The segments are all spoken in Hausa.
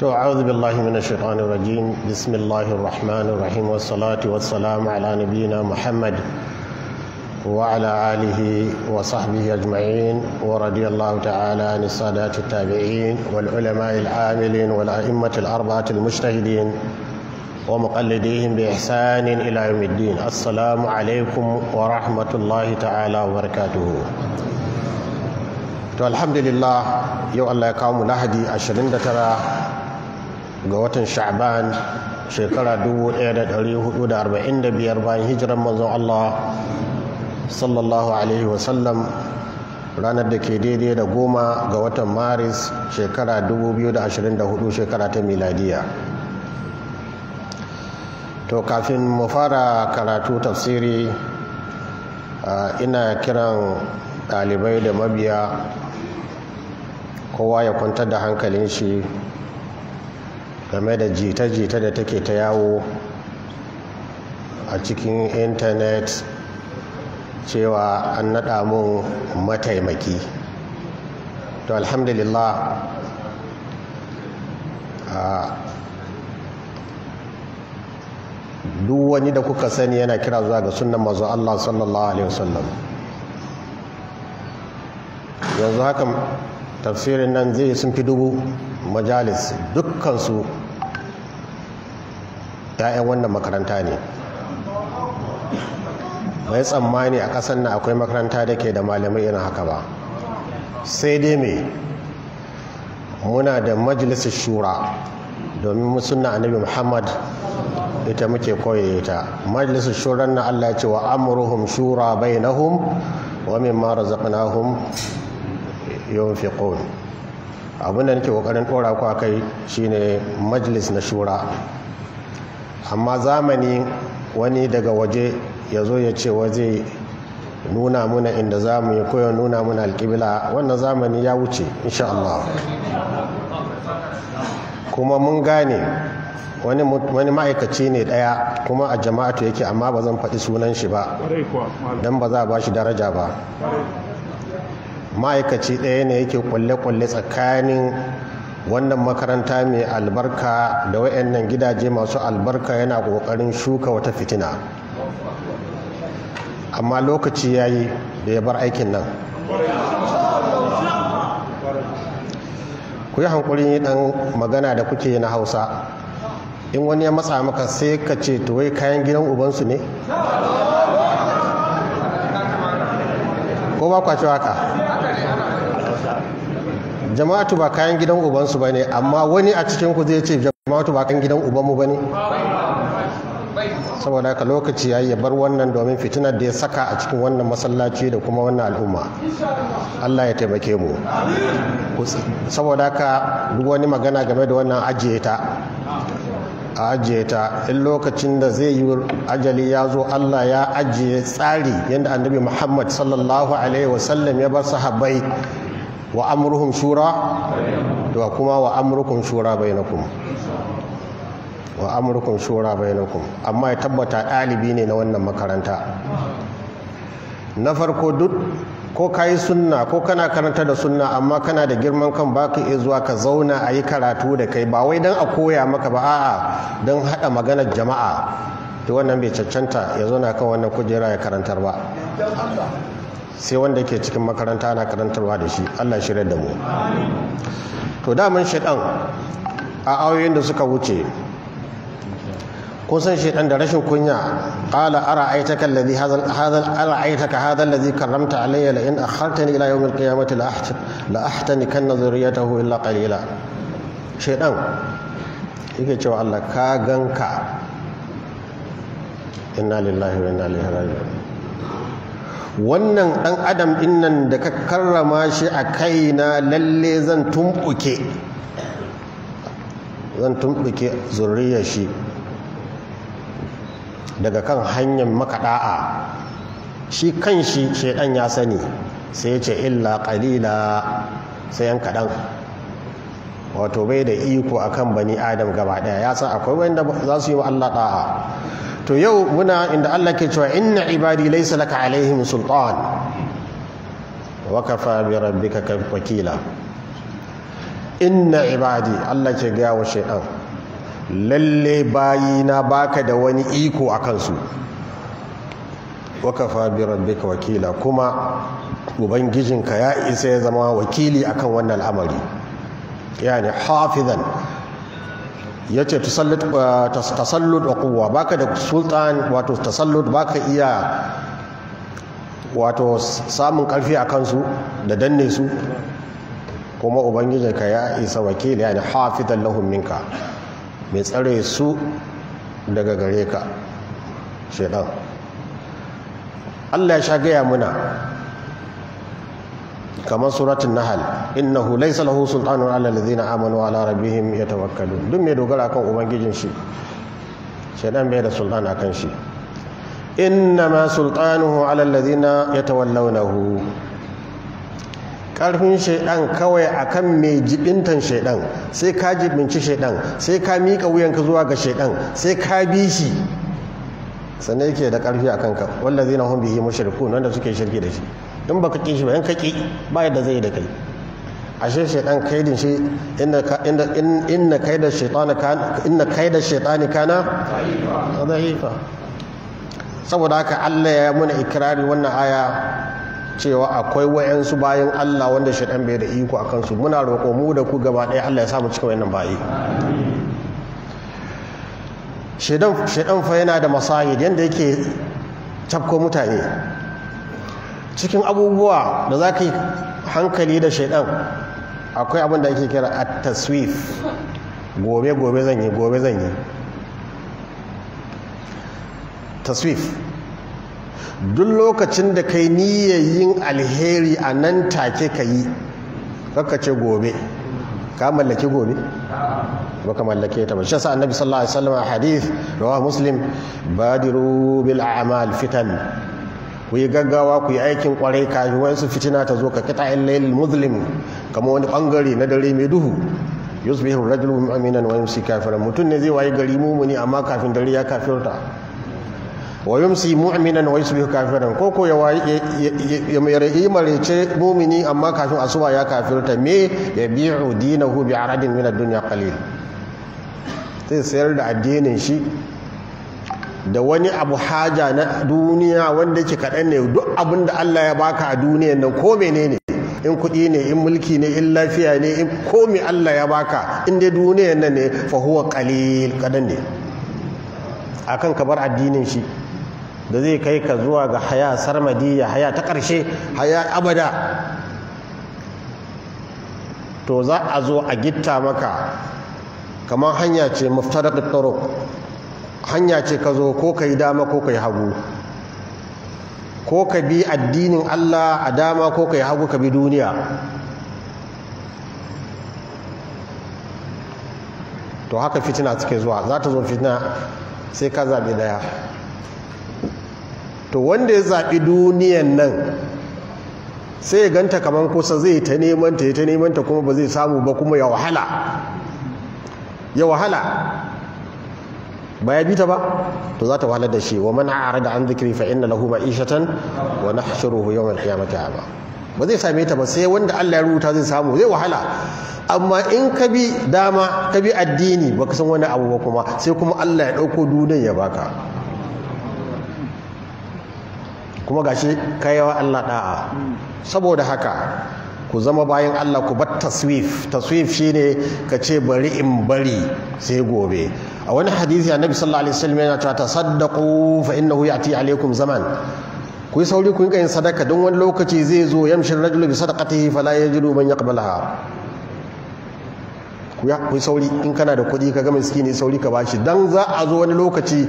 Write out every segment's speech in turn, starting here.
To a'udhu billahi minash shaitanir rajim. Bismillahir rahmanir rahim. Wassalatu wassalamu ala nabiyyina Muhammad wa ala alihi wa sahbihi ajma'in wa radiyalahu ta'ala an sadati tabi'in wal ulama'il amilin wal a'immatil arba'atil mujtahidin wa muqallidihim bi ihsanin ila yawmiddin. Assalamu alaikum wa rahmatullahi ta'ala wa barakatuhu. to alhamdulillah yau allah ya kawo mu lahadi 29 ga watan sha'ban shekara 1445 bayan hijiran manzon Allah sallallahu alaihi wasallam ranar da ke daidai da goma ga watan maris shekara 2024 shekara ta miladiya to kafin mu fara karatu tafsiri ina kiran ɗalibai da mabiya kowa ya kwantar da hankalin shi game da jita-jita da take ta yawo a cikin intanet cewa an naɗa mun mataimaki to alhamdulillah duk wani da kuka sani yana kira zuwa ga sunan mazu Allah sallallahu alaihi wasallam yanzu haka tafsirin nan zai sun fi dubu majalis dukkansu 'ya'yan wannan makaranta ne bai tsammani a ƙasar nan akwai makaranta da ke da malamai irin haka ba sai dai me muna da majalisar shura domin suna annabi muhammad ita muke koya ita majalisar shuran na allah ce wa amruhum shura mara wa mimma razaqnahum yunfiqun abin abinda nake kokarin dora kwa kai shine majalis na shura amma zamani wani daga waje ya zo ya ce waje nuna muna inda za mu yi koyon nuna muna alƙibila wannan zamani ya wuce insha Allah kuma mun gane wani ma'aikaci ne ɗaya kuma a jama'atu yake amma ba zan faɗi sunan shi ba don ba za a ba shi daraja ba ma'aikaci ɗaya ne yake kwalle-kwalle tsakanin wannan makaranta mai albarka da wayannan gidaje masu albarka yana ƙoƙarin shuka wata fitina amma lokaci ya yi da ya bar aikin nan ku yi hankuri ɗan magana da kuke na hausa in wani ya matsa maka sai ka ce wai kayan gidan ubansu ne ko ba kwa haka jama'atu ba kayan gidan ubansu ba ne amma wani a cikin ku zai ce jama'atu ba kayan gidan ubanmu ba ne saboda haka lokaci ya yi bar wannan domin fitinar da ya saka a cikin wannan masallaci da kuma wannan al'umma allah ya taimake mu saboda haka duk wani magana game da wannan ajiye ta a ajiye ta in lokacin da zai yi ajali ya zo allah ya ajiye tsari yadda annabi muhammad sallallahu alaihi wasallam ya bar sahabbai wa amruhum shura da kuma wa amrukum shura bainakum wa amrukum shura bainakum amma ya tabbata ɗalibi ne na wannan makaranta na farko duk ko kayi sunna ko kana karanta da sunna amma kana da girman kan baka iya zuwa ka zauna a yi karatu da kai ba wai don a koya maka ba a'a don haɗa maganar jama'a to wannan bai cancanta ya zauna kan wannan kujera ya karantar ba sai wanda ke cikin makaranta na karantarwa da shi allah shirya da mu to daman shaɗan a ayoyin da suka wuce kun san shaɗan da rashin kunya ƙala ara aitakan lazi hadhal ara aitaka hadha lazi karramta alayya la in akhartani ila yawm al-qiyamati la ahtan la ahtani kan dhurriyatahu illa qalila shaɗan yake cewa allah ka ganka inna lillahi wa inna ilaihi raji'un wannan ɗan adam ɗinnan da ka karrama shi a kaina lalle zan tumɓuke zan tumɓuke zurriyar shi daga kan hanyar makaɗa'a shi kan shi shaidan ya sani sai ce illa ƙalila sai yan kaɗan wato bai da iko akan bani adam gaba ɗaya ya san akwai wanda za su yi wa allah ɗa'a to yau muna inda Allah ke cewa inna ibadi laysa laka alaihim sultan wa kafa bi rabbika wakila inna ibadi Allah ke gaya wa shaytan lalle bayi na baka da wani iko akan su. wa kafa bi rabbika wakila kuma ubangijinka ya isa ya zama wakili akan wannan al'amari yani hafizan ya ce uh, tasallud a kowa baka da sultan wato tasallud baka iya wato samun karfi a kansu da danne su kuma ka ya isa wakili yana ne hafidan lahun minka mai tsare su daga gare ka shaidan allah ya sha gaya muna kamar suratul nahl hu laisa lahu sultanun ala alladhina amanu ala rabbihim tawakkalu duk mai dogara kan ubangijin shi shaidan bai da sultan akan shi innama sultanuhu ala alladhina hu. karfin shaidan kawai akan mai jibintan shaidan sai ka jibinci shaidan sai ka miƙa wuyanka zuwa ga shaidan sai ka bi shi sannan yake da karfi a kanka wallazina hum bihi mushrikun wanda suke shirki da shi in baka ƙi shi ba in ka ƙi ba yadda zai da kai ashe shaitan kaidin shi inna inna kaida shaitani kana inna kaida shaitani kana saboda haka Allah ya muna ikirari wannan aya cewa akwai wayansu bayan Allah wanda shaitan bai da iko a kansu muna roƙo mu da ku gaba ɗaya Allah ya samu cikin wayannan bayi shaitan fa yana da masayid yanda yake tabko mutane cikin abubuwa da za ka yi hankali da shaidan akwai abin da ake kira at taswif gobe gobe zan yi gobe zan yi taswif duk lokacin da kai yin alheri a nan take ka yi ce gobe ka mallaki gobe baka mallake ta ba sa'an yasa annabi sallallahu alaihi wasallam hadith rawahu muslim badiru bil a'mal fitan ku yi gaggawa ku yi aikin kwarai kafin wayansu fitina ta zo ka kita in lailin muslim kama wani bangare na dare mai duhu yusbihu rajulun mu'minan wa yumsi kafiran mutum ne zai wayi gari mumuni amma kafin dare ya kafirta wa yumsi mu'minan wa yusbihu kafiran ko ko ya yi marece mumini amma kafin asuba ya kafirta me ya bi'u dinahu bi aradin min ad-dunya qalil sai sayar da addinin shi da wani abu haja na duniya wanda yake kaɗan ne duk abin da Allah ya baka a duniyan nan ko menene in kuɗi ne in mulki ne in lafiya ne in komi Allah ya baka in dai duniyan nan ne fa huwa kaɗan ne akan ka bar addinin shi da zai kai ka zuwa ga haya sarmadiya, haya ta ƙarshe haya abada to za a zo a gitta maka kamar hanya ce muftarat turuq hanya ce ka zo ko ka yi dama ko ka yi hagu ko ka bi addinin Allah a dama ko ka yi hagu ka bi duniya to haka fitina suke zuwa za ta zo fitina sai ka zaɓi daya to wanda ya zaɓi duniyan nan sai ya ganta kamar kusa zai ta nemanta ta ta neman kuma ba zai samu ba kuma ya wahala ya wahala ba ya bi ta ba to za ta wahalar da shi wa man da an zikri fa inna lahu ma'ishatan wa nahshuruhu yawm al-qiyamati a'ma ba zai same ta ba sai wanda Allah ya rubuta zai samu zai wahala amma in ka bi dama ka bi addini baka san wani abu ba kuma sai kuma Allah ya ɗauko duniyar ya baka kuma gashi wa Allah da'a saboda haka ku zama bayan Allah ku bar taswif taswif shine ka ce bari in bari sai gobe a wani hadisi annabi sallallahu alaihi wasallam yana cewa tasaddaqu fa innahu ya'ti alaikum zaman ku yi sauri ku yi kayan sadaka don wani lokaci zai zo yamshin rajulu bi sadaqatihi la yajidu man yaqbalaha ku ya ku yi sauri in kana da kuɗi ka ga miskini sauri ka bashi dan za a zo wani lokaci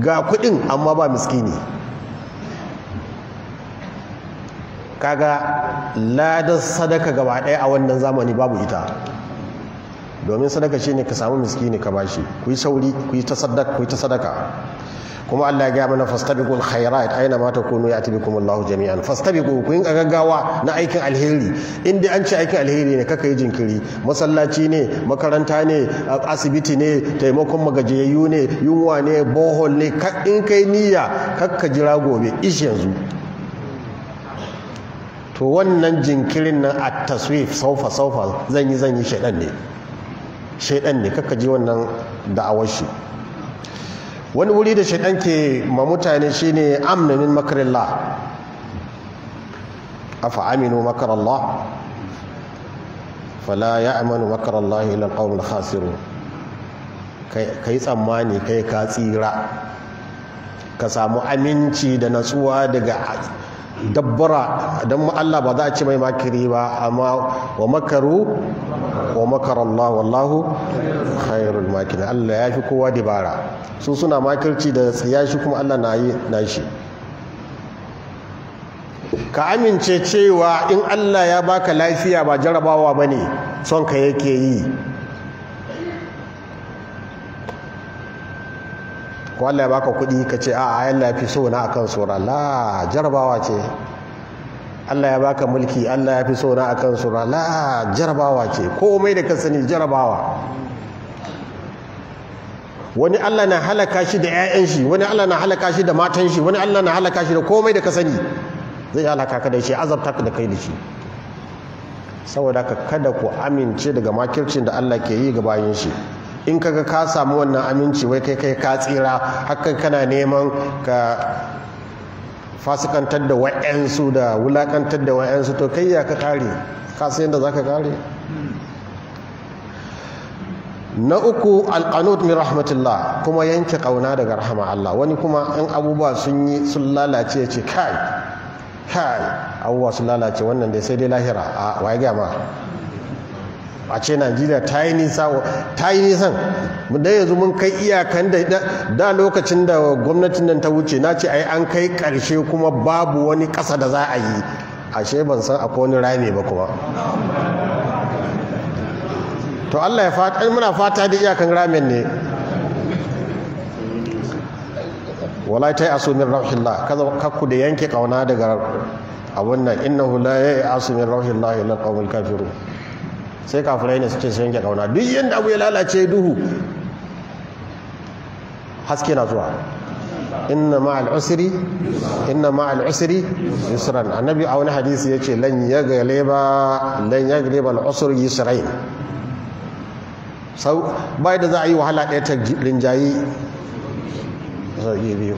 ga kuɗin amma ba miskini kaga ladar sadaka gaba ɗaya a wannan zamani babu ita domin sadaka shine ka samu miskini ka bashi ku yi sauri ku yi ta sadaka kuma Allah ya gaya mana fastabiqul hairat aina ma takunu kuma Allahu jami'an fastabiqu ku yin gaggawa na aikin alheri inda an ce aikin alheri ne kaka yi jinkiri masallaci ne makaranta ne asibiti ne taimakon magajiyayyu ne yunwa ne bohol ne in kai niyya kakka jira gobe ish yanzu to wannan jinkirin na at taswif saufa saufa zan yi zan yi shaidan ne shaidan ne kakka ji wannan da'awar shi wani wuri da shaidan ke ma mutane shine amna min makarallah a aminu makarallah fala ya'manu makarallah ila alqawmil ka yi tsammani kai ka tsira ka samu aminci da natsuwa daga dabbara don Allah ba za a ci mai makiri ba amma wa makaru wa Allah wallahu khairul Allah ya fi kowa dibara su suna makirci da tsaya shi kuma Allah na yi na shi ka amince cewa in Allah ya baka lafiya ba jarabawa bane son ka yake yi ko Allah ya baka kuɗi ka ce a ayan lafi so na akan sura la jarabawa ce Allah ya baka mulki Allah ya fi so na akan sura la jarabawa ce komai da ka sani jarabawa wani Allah na halaka shi da 'ya'yan shi wani Allah na halaka shi da matan shi wani Allah na halaka shi da komai da ka sani zai halaka ka da shi azabta ka da kai da shi saboda ka kada ku amince daga makircin da Allah ke yi ga bayan shi in kaga ka samu wannan aminci wai kai kai ka tsira hakan kana neman ka fasikantar da wa'yansu da wulakantar da wa'yansu to kai ya ka kare ka sai yadda za ka kare na uku al'anud min rahmatullah kuma yanke kauna daga rahama Allah wani kuma in abubuwa sun yi sun lalace ce kai kai abubuwa sun lalace wannan dai sai dai lahira a waye gama a ce najeriya ta yi nisan da yanzu mun kai iyakan da da lokacin da gwamnatin nan ta wuce na ce ai an kai karshe kuma babu wani kasa da za a yi ashe ban san akwai wani rami ba kuma to allah ya fata muna fata da iyakan ramin ne wala ta yi asumin rahillah kaza kakku da yanke kauna daga abun nan innahu la ya yi asumin rahillah ila kawul kafiru sai kafirai ne suke sun yanke kauna duk yadda abu ya lalace duhu haske na zuwa inna ma'al usri inna ma'al usri yusran annabi a wani hadisi ce lan ba lan yagleba al-usr yusrain sau bai da za a yi wahala ɗaya ta rinjayi zage biyu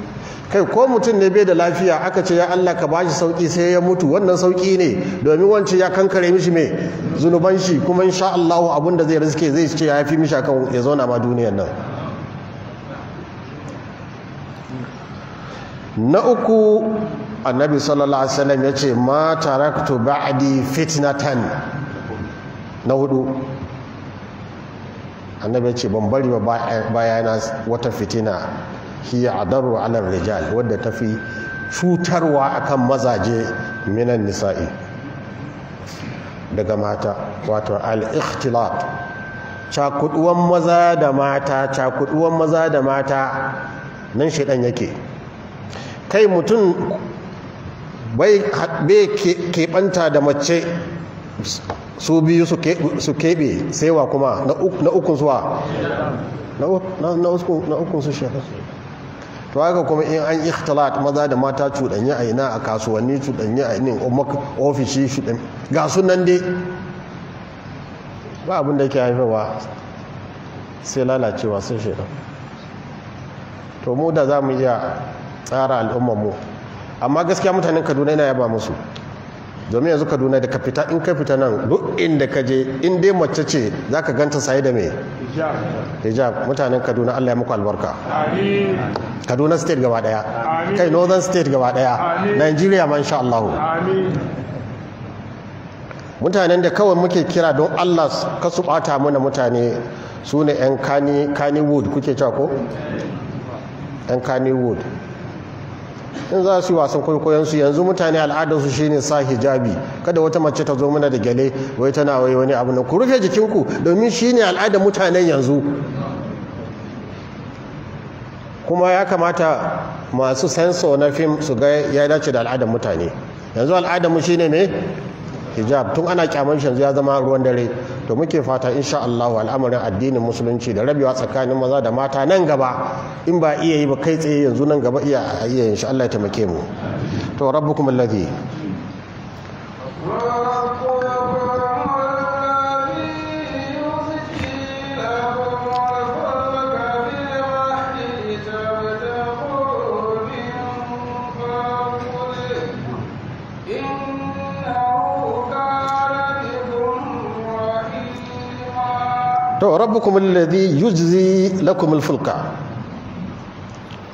kai ko mutum ne bai da lafiya aka ce ya Allah ka bashi sauki sai ya mutu wannan sauki ne domin wancan ya kankare mishi me zunuban shi kuma insha Allah abin da zai riske zai ce ya fi mishi akan ya zauna ma duniyar nan na uku annabi sallallahu alaihi wasallam ya ce ma taraktu ba'di fitnatan na hudu annabi ya ce ban bari ba bayana wata fitina a adarru alar rijal wadda ta fi cutarwa akan mazaje minan nisa'i daga mata wato al-ikhtilat cakuduwan maza da mata cakuduwan maza da mata nan shedan yake kai mutum bai keɓanta da mace su biyu su keɓe saiwa kuma na ukun suwa na ukun su shekaru to haka kuma in an ikhtilat maza da mata cuɗanya a ina a kasuwanni cuɗanya a inin ofishi shuɗin ga sunan dai ba abin da ke haifarwa sai lalacewa sun shaidan to mu da za mu iya tsara mu amma gaskiya mutanen kaduna yana yaba musu domin yanzu kaduna da ka fita in ka fita nan duk inda ka je in dai mace ce za ka ganta saye da mai. hijab mutanen kaduna allah ya muku albarka kaduna state gaba daya kai northern state gaba daya nigeria man sha allahu mutanen da kawai muke kira don allah ka su bata mana mutane su ne 'yan kani wood kuke cewa ko 'yan kani wood in za su yi wasan kwaikwayon su yanzu mutane al'adar su shine sa hijabi kada wata mace ta zo mana da gyale wai tana wai wani abu na ku rufe jikinku domin shine al'adar mutanen yanzu kuma ya kamata masu senso na fim su ga ya dace da al'adar mutane yanzu al'adar mu shine ne hijab tun ana kyaman shi ya zama ruwan dare to muke fata insha Allah al'amarin addinin musulunci da rabewa tsakanin maza da mata nan gaba in ba iya yi ba kai tsaye yanzu nan gaba iya iya insha Allah ya taimake mu to rabbukum alladhi to rabbukum alladhi yujzi lakum alfulka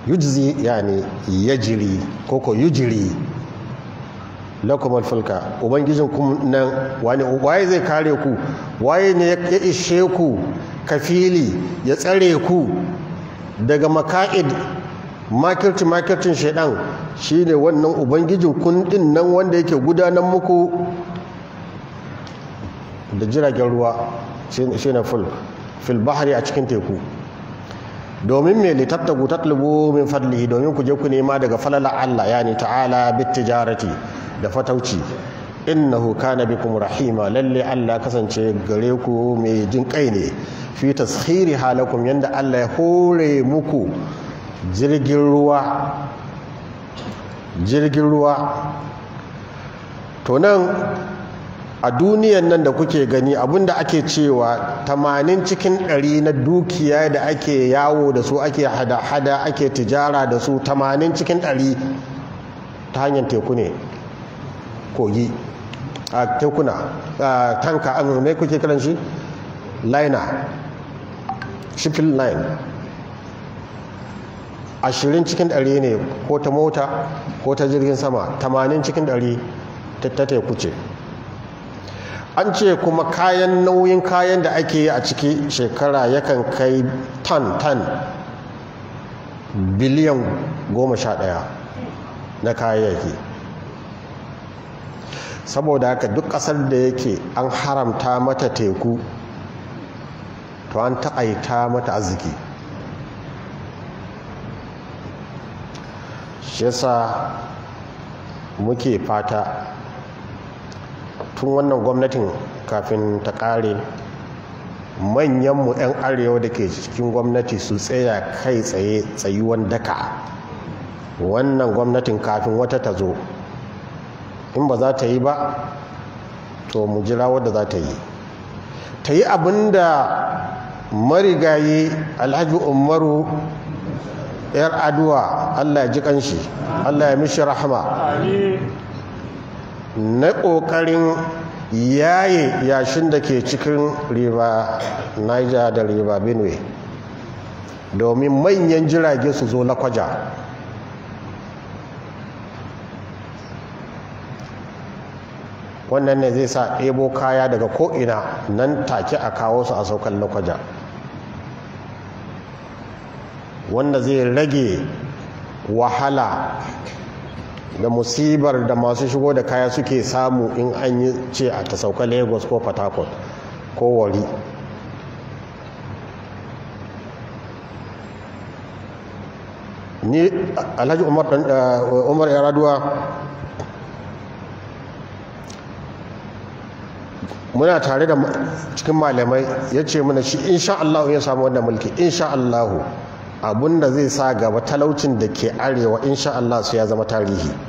yujzi yani yajri koko yujri lakum alfulka ubangijin ku nan wani waye zai kare ku waye ne ya ishe ku kafili ya tsare ku daga maka'id makirci makircin shaidan shine wannan ubangijin din nan wanda yake gudanar muku da jiragen ruwa shi ful fil a cikin teku domin mai litabtagu tatlubu min fadli domin ku je ku nema daga falala Allah ya yani ta'ala tijarati da fatauci innahu kana bikum rahima lalle Allah kasance gare ku mai jin kai ne fi taskhiri halakum yanda Allah ya hore muku jirgin ruwa jirgin ruwa to nan a duniyan nan da kuke gani abinda ake cewa tamanin cikin ɗari na dukiya da ake yawo da su ake hada-hada ake tijara da su tamanin cikin ɗari ta hanyar teku ne kogi a tekuna a tanka azurmai kuke kiran shi liner shipping line Ashirin cikin ɗari ne ko ta mota ko ta jirgin sama Tamanin cikin ɗari ta teku ce an ce kuma kayan nauyin kayan da ake yi a ciki shekara yakan kai tan tan biliyan goma sha ɗaya na kayayyaki saboda haka duk ƙasar da yake an haramta mata teku to an taaita mata arziki shi yasa muke fata tun wannan gwamnatin kafin ta kare manyanmu 'yan arewa da ke cikin gwamnati su tsaya kai tsaye tsayuwan daka wannan gwamnatin kafin wata ta zo in ba za ta yi ba to mu jira wadda za ta yi ta yi abin da marigayi alhaji umaru yar aduwa allah ya ji kanshi allah ya mishi rahama na ƙoƙarin yaye yashin da ke cikin riba niger da riba benue domin manyan jirage su zo lakwaja wannan ne zai sa ebo kaya daga ko'ina nan take a kawo su a saukan lakwaja wanda zai rage wahala da musibar da masu shigo da kaya suke samu in an yi ce a ta sauka lagos ko port ko wari ni alhaji eh, umar yaraduwa muna tare da cikin malamai ya ce mana shi insha Allah ya samu wannan mulki insha Allah abinda zai sa gaba talaucin da ke arewa insha Allah su ya zama tarihi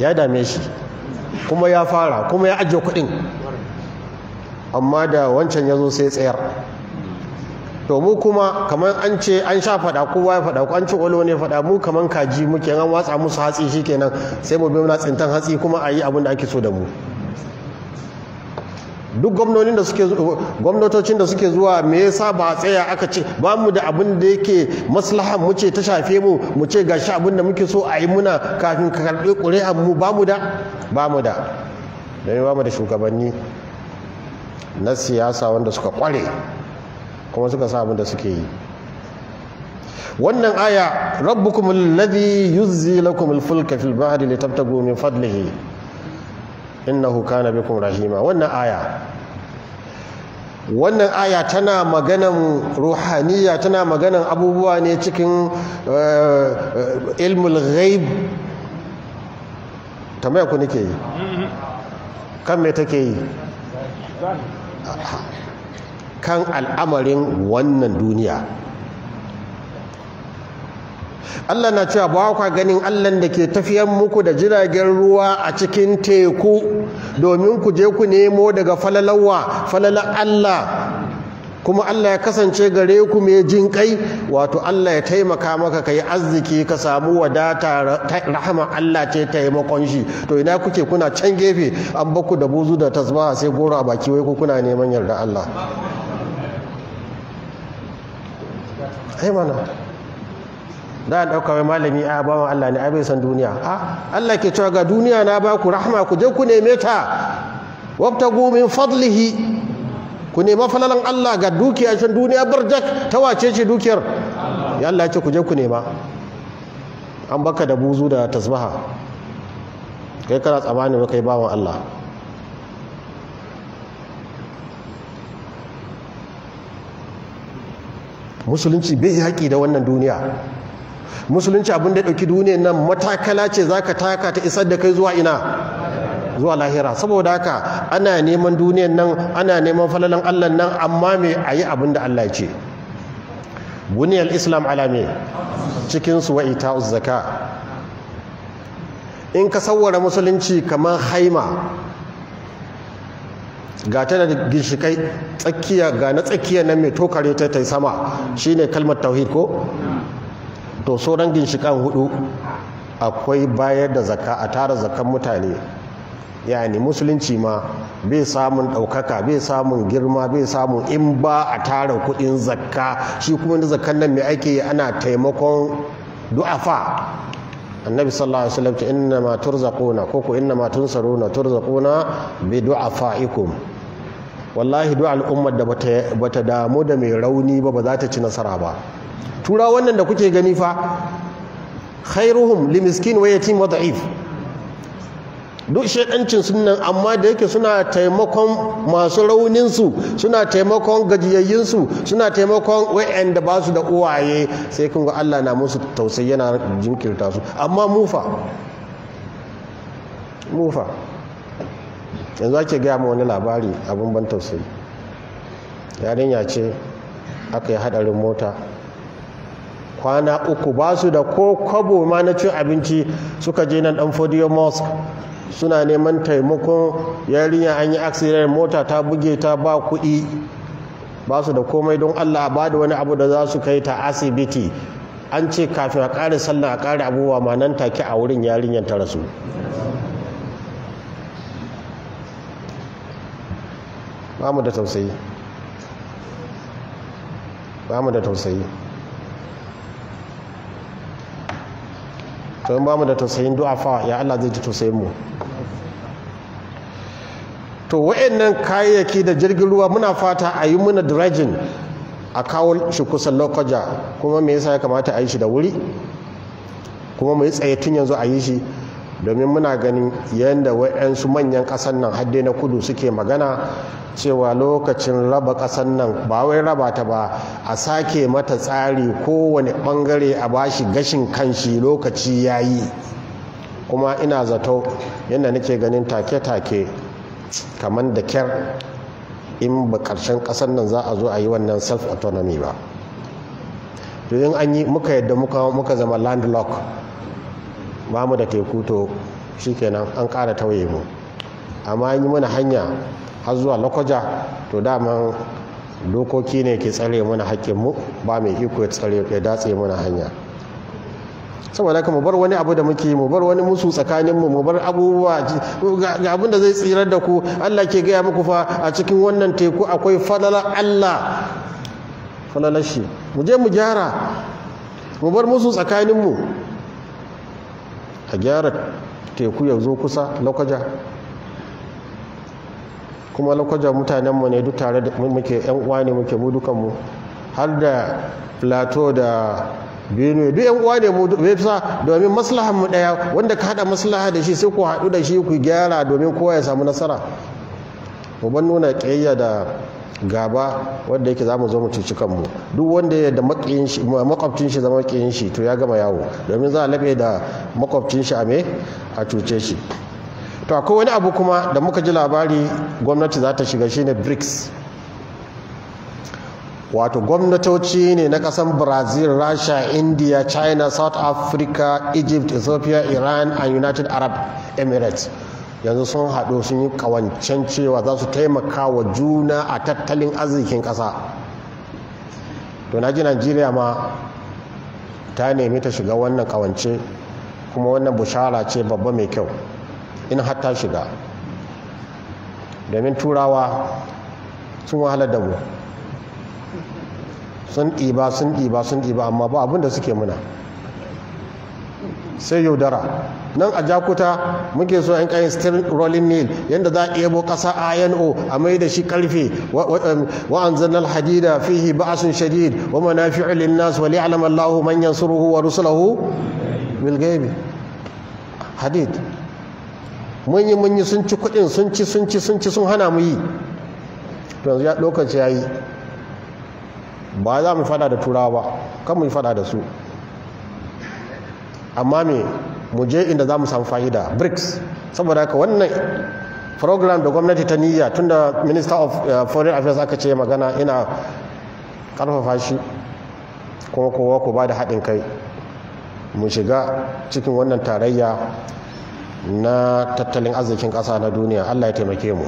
ya dame shi kuma ya fara kuma ya ajiye kuɗin amma da wancan ya zo sai tsayar to mu kuma kamar an ce an sha faɗa kowa ya faɗa ko an ci walo ne fada mu kamar kaji muke an watsa musu hatsi shi kenan sai mu bi muna tsintan hatsi kuma a yi abin da ake so da mu duk gwamnatocin da suke zuwa me yasa ba a tsaya aka ce ba mu da abin da yake maslaha mu ce ta shafe mu mu ce gashi abin da muke so a yi muna kafin ka karɓi ƙuri'an mu ba mu da ba mu da don ba mu da shugabanni na siyasa wanda suka kware kuma suka sa abin da suke yi wannan aya rabbukumul ladhi yuzzi lakumul fulka fil bahri litabtagu min fadlihi innahu kana bikum rahima wannan aya wannan aya tana maganan ruhaniya tana maganan abubuwa ne cikin eh, ilmul ghaib tambaya ku nake yi kan me take yi kan al'amarin wannan duniya Allah na cewa ba kwa ganin Allah da ke tafiyan muku da jiragen ruwa a cikin teku domin ku je ku nemo daga falalawa falalar Allah kuma Allah ya kasance gare ku mai jin kai wato Allah ya taimaka maka kai arziki ka samu wadata rahama Allah ce taimakon shi to ina kuke kuna can gefe an baku da buzu da tasbaha sai goro a baki wai ku kuna neman yarda Allah ai mana za a ɗauka mai malami a bawan Allah ne a bai san duniya a ah, Allah ke cewa ga duniya na ba ku rahma ku je ku neme ta wata gumin fadlihi ku nema falalan Allah ga dukiya shan duniya bar barjak ta wace ce dukiyar ya Allah ce ku je ku nema an baka da buzu da tasbaha kai kana tsamani ba kai bawan Allah musulunci bai haƙi da wannan duniya musulunci abin da ɗauki duniyar nan matakala ce za ka taka ta isar da kai zuwa ina zuwa lahira saboda haka ana neman duniyar nan ana neman falalan allah nan amma mai a yi abin da allah ce buniyar islam alame cikinsu wa ita uzzaka in ka sawwara musulunci kamar haima ga ta da ginshikai tsakiya ga na tsakiya nan mai tokare ta ta sama shine kalmar tauhid ko to sauran ginshikan hudu akwai bayar da zaka a tara zakan mutane yani musulunci ma bai samun ɗaukaka bai samun girma bai samun in ba a tara kuɗin zakka shi kuma da zakan nan mai ake ana taimakon du'afa annabi sallallahu alaihi wasallam inna ma turzaquna ko ko inna ma tunsaruna turzaquna bi du'afaikum wallahi du'a al'ummar da bata damu da mai rauni ba ba za ta ci nasara ba tura wannan da kuke gani fa khairuhum limiskin wa yatim wa da'if duk shaidancin sunan amma da yake suna taimakon masu rauninsu suna taimakon gajiyayyinsu suna taimakon wa'anda ba su da uwaye sai kun ga Allah na musu tausayi yana jinkirta su amma mufa mufa yanzu ake gaya ma wani labari abin ban tausayi yarinya ce aka yi hadarin mota kwana uku ba su da ko kwabo ma na cin abinci suka je nan dan fodiyo mosque suna neman taimakon yarinya an yi accident mota ta buge ta ba kuɗi ba su da komai don allah ba da wani abu da za su kai ta asibiti an ce kafin a ƙara sallah a kare abubuwa ma nan take a wurin yarinyar ta rasu ba mu da tausayi ba mu da tausayi to in bamu da tausayin du'afa ya Allah zai ji tausayin mu to wa'annan kayayyaki da jirgin ruwa muna fata a yi muna dredging a kawo shi kusan lokaja kuma me yasa ya kamata a yi shi da wuri kuma mu yi tsaye tun yanzu a yi shi domin muna ganin yadda wa'yansu manyan ƙasan nan hadde na kudu suke magana cewa lokacin raba ƙasan nan ba wai raba ta ba a sake mata tsari kowane ɓangare a bashi gashin kanshi lokaci ya yi kuma ina zato yadda nake ganin take-take kamar da kyar in ba ƙarshen ƙasar nan za a zo a yi wannan self-autonomy ba to yin an yi muka yadda muka zama landlock ba mu da teku to shikenan an kara tauye mu amma yi mana hanya har zuwa lokaja to daman dokoki ne ke tsare mana mu ba mai iko ya datse mana hanya saboda ka mu bar wani abu da muke mu bar wani musu tsakaninmu mu bar abubuwa ga abin zai tsirar da ku Allah ke gaya muku fa a cikin wannan teku akwai falalar Allah falalar shi mu je mu gyara mu bar musu tsakaninmu a gyara teku ya zo kusa lakwaja kuma lakwaja mutanenmu ne duk tare da muke yan uwa ne muke mu dukanmu har da plateau da benue duk yan uwa ne mu bisa domin maslahan mu daya wanda ka hada maslaha da shi sai ku haɗu da shi ku gyara domin kowa ya samu nasara ban nuna kiyayya da gaba wanda yake zamu zo mu cuci kanmu duk wanda ya da makwabcin shi zama makiyin shi to ya gama yawo domin za a labe da makwabcin shi a me a cuce shi to akwai wani abu kuma da muka ji labari gwamnati za ta shiga shine BRICS wato gwamnatoci ne na kasan brazil russia india china south africa egypt ethiopia iran and united arab emirates yanzu sun haɗu sun yi ƙawancen cewa za su taimaka wa juna a tattalin arzikin ƙasa to na ji najeriya ma ta nemi ta shiga wannan kawance kuma wannan bushara ce babba mai kyau in har ta shiga domin turawa sun wahala da mu sun ɗiba sun ɗiba sun ɗiba amma ba abin da suke muna sai yaudara nan a jakuta muke so yan kayan steel rolling mill yadda za a ebo kasa ino a mai da shi karfe wa'an um, anzalna hadida fihi ba'sun shadid wa manafi'u lin-nas wa li'lam Allahu manyan yansuruhu wa rusulahu bil hadid mun yi mun yi sun ci kudin sun ci sun ci sun ci sun hana mu yi to ya lokaci yi ba za mu fada da turawa kan mu yi fada da su amma me mu je inda za mu samu fa'ida brics saboda haka wannan program da gwamnati ta niyya tunda minister of eh, foreign affairs aka ce magana ina karfafa shi kuma kowa ku ba da haɗin kai mu shiga cikin wannan tarayya na tattalin arzikin ƙasa na duniya allah ya taimake mu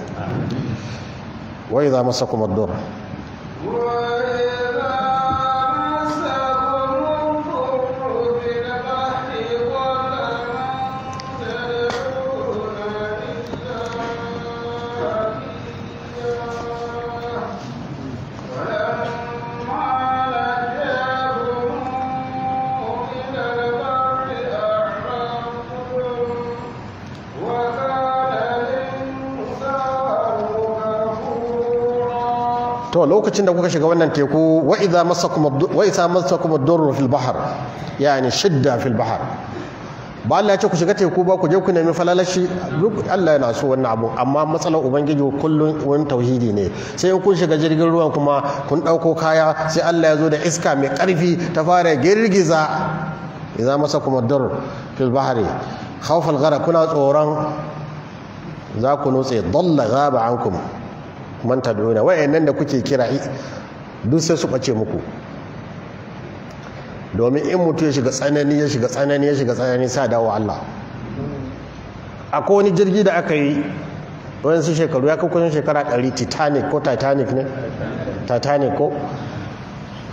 wai za masa kuma dora to lokacin da kuka shiga wannan teku wa isa masa kuma doron fil bahar ya fil shidda fil bahar ba Allah ya ce ku shiga teku ba ku je ku nemi falalashi duk Allah yana so wannan abu amma matsalar ubangiji kullum wani tauhidi ne sai kun shiga jirgin ruwan kuma kun ɗauko kaya sai Allah ya zo da iska mai karfi ta fara girgiza idza masa kuma dur fil bahari khawf kuna tsoron za ku nutse dalla ghaba ankum manta da nuna nan da kuke kira duk sai su ɓace muku domin in mutu ya shiga tsanani ya shiga tsanani ya shiga tsanani sa dawo Allah ko wani jirgi da aka yi wayansu shekaru ya kakwai shekara ɗari titanic ko titanic ne titanic ko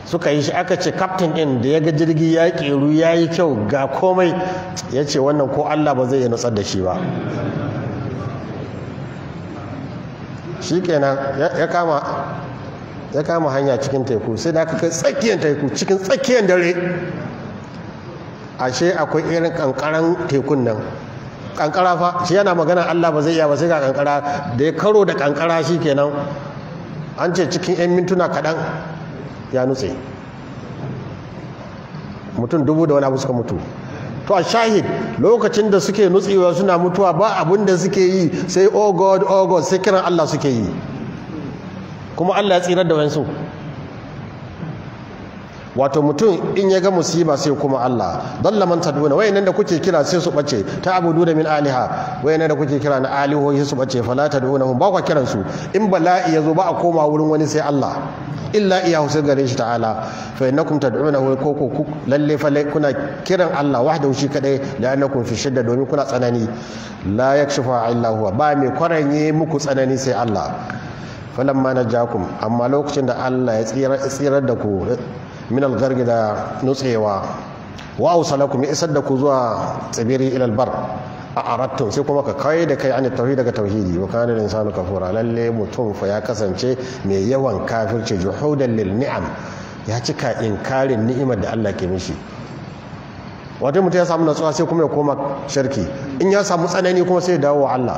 suka yi shi aka ce captain din da ya ga jirgi ya keru ya yi kyau ga komai ya ce wannan ko Allah ba zai yi nutsar da shi ba shi kenan ya kama hanya cikin teku sai da aka kai tsakiyar teku cikin tsakiyar dare ashe akwai irin kankaran tekun nan kankara fa shi yana magana Allah ba zai iya ba sai ga kankara da ya karo da kankara kenan an ce cikin 'yan mintuna kaɗan ya nutse mutum dubu da wani abu suka mutu to a shahid lokacin da suke nutsewa suna mutuwa ba abin da suke yi sai oh god oh god sai kiran Allah suke yi kuma Allah ya tsirar da wayansu wato mutum in ya ga musiba sai kuma Allah dalla man taduna nan da kuke kira sai su bace abu da min aliha nan da kuke kira na alihohi su bace fala tadunahum ba ku kiran su in bala'i zo ba a koma wurin wani sai Allah illa iya sai gare shi ta'ala fa innakum tad'una wa koko lalle fa kuna kiran Allah wahdahu shi kadai la annakum fi shidda domin kuna tsanani la yakshifa illa huwa ba mai kwaranye muku tsanani sai Allah falamma najakum amma lokacin da Allah ya tsirar da ku min algargi da nutsewa wa ausalakum ya isar da ku zuwa tsibiri ilal bar a arattun sai kuma ka kai da kai an tauhid daga tauhidi wa kana insanu kafura lalle mutum fa ya kasance mai yawan kafirci juhudan lil ni'am ya cika inkarin ni'imar da Allah ke mishi wato mutum ya samu natsuwa sai kuma ya koma shirki in ya samu tsanani kuma sai ya dawo wa Allah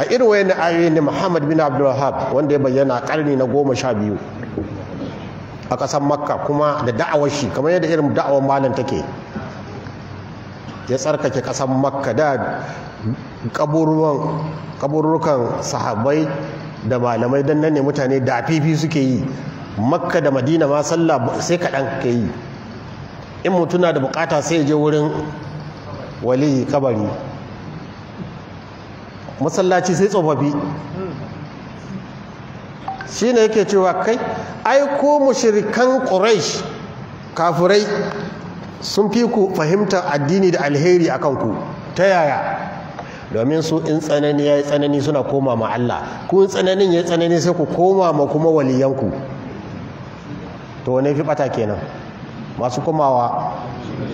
a irin wayan ayoyi ne Muhammad bin Abdul wanda ya bayyana karni na goma sha biyu a ƙasar makka kuma da da'awar shi kamar yadda irin da'awar malam take ya tsarkake ƙasar makka da ƙaburrukan sahabbai da malamai don nan ne mutane da fifi suke yi makka da madina ma sallah sai kaɗan ka yi in mutuna na da bukata sai ya je wurin wali kabari masallaci sai tsofaffi ne yake cewa kai ai ko mushrikan quraish kafirai sun fi ku fahimtar addini da alheri akan ku ta yaya domin su in tsanani ya yi tsanani suna koma ma Allah ku in tsananin ya yi tsanani sai ku koma ma kuma waliyanku to wane fi bata kenan masu komawa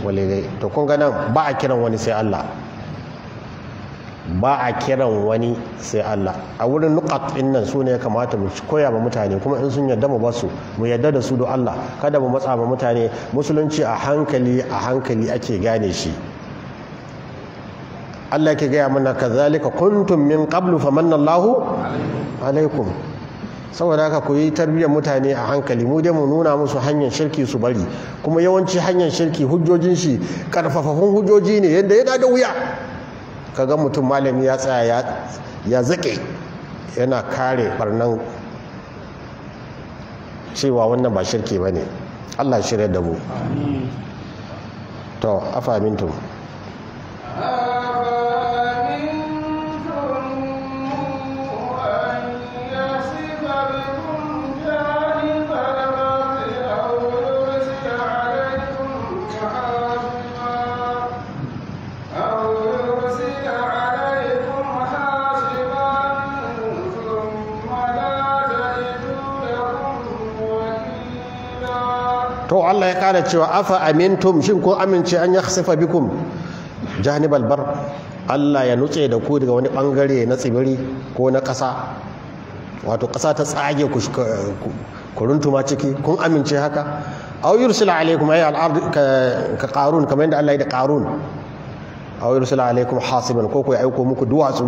walilai to kun ganan ba a kiran wani sai Allah ba a kiran wani sai Allah a wurin nukat din nan su ne ya kamata mu koya ma mutane kuma in sun yarda mu ba su mu yarda da su do Allah kada mu matsa ba mutane musulunci a hankali a hankali ake gane shi Allah ke gaya mana kazalika kuntum min qablu famanna Allahu alaikum saboda haka ku tarbiyyar mutane a hankali mu dai mu nuna musu hanyar shirki su bari kuma yawanci hanyar shirki hujjojin shi karfafafun hujjoji ne yadda ya da wuya Ka ga mutum malami ya tsaya ya zaƙe yana kare barnan cewa wannan ba shirki ba ne allah shirya da mu to afamintum ah! Allah ya kara cewa afa amintum shin ko amince an yakhsifa bikum janibal bar Allah ya nutse da ku daga wani bangare na tsibiri ko na kasa wato kasa ta tsage ku runtuma ciki kun amince haka aw yursila alaikum ay al-ard ka qarun kamar yadda Allah ya da qarun aw yursila alaikum hasiban ko ku aiko muku duwatsu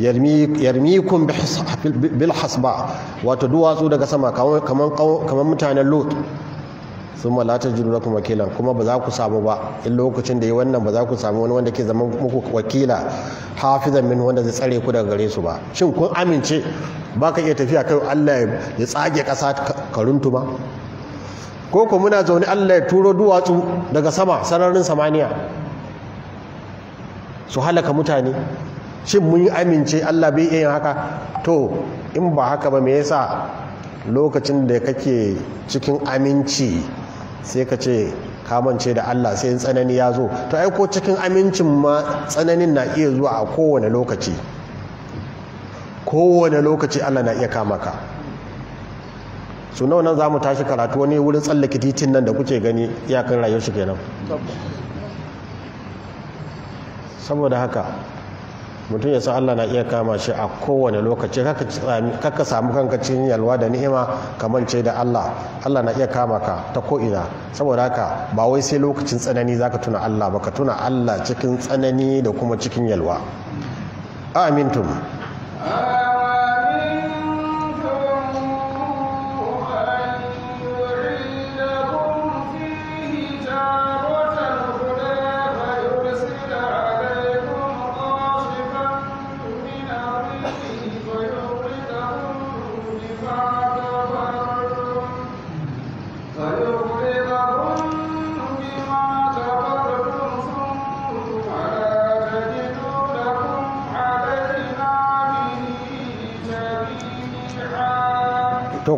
yarmikum bil hasba wato duwatsu daga sama kamar kamar mutanen lut sun malata jiru na kuma kilan kuma ba za ku samu ba in lokacin da yi wannan ba za ku samu wani wanda ke zama muku wakila hafizan min wanda zai tsare ku daga gare su ba shin kun amince ba ka iya tafiya kai allah ya tsage ƙasa karuntu ba ko ku muna zaune allah ya turo duwatsu daga sama sararin samaniya su halaka mutane shin mun yi amince allah bai iya yin haka to in ba haka ba me yasa lokacin da kake cikin aminci sai ka ce kamance da Allah sai tsanani ya zo ta aiko cikin amincin ma tsananin na iya zuwa a kowane lokaci kowane lokaci Allah na iya kama ka su nawa nan za mu tashi karatu wani wurin tsallake titin nan da kuke gani iyakan rayuwar shi kenan saboda haka mutum ya san Allah na iya kama shi a kowane lokaci kaka samu kanka cikin yalwa da ni'ima kamar ce da Allah Allah na iya kama ka ta ko ina saboda haka ba wai sai lokacin tsanani zaka tuna Allah ba ka tuna Allah cikin tsanani da kuma cikin yalwa amintum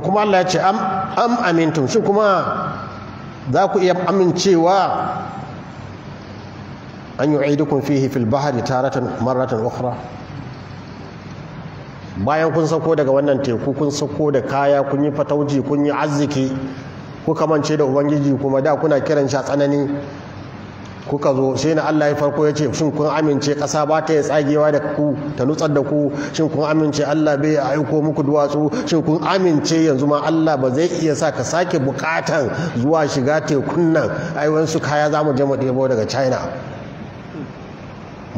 kuma Allah ya ce am amintum shi kuma za ku iya amincewa an yi aidukun fihi fil bahari taratan maratan ukhra bayan kun sako daga wannan teku kun sako da kaya kun yi fatauji kun yi arziki kuka mance da ubangiji kuma da kuna kiran shi a tsanani kuka zo sai na Allah ya farko ya ce shin kun amince ƙasa ba ta tsagewa da ku ta nutsar da ku shin kun amince Allah bai ya aiko muku duwatsu shin kun amince yanzu ma Allah ba zai iya sa ka sake bukatan zuwa shiga tekun nan ai wasu kaya za mu je mu ɗebo daga China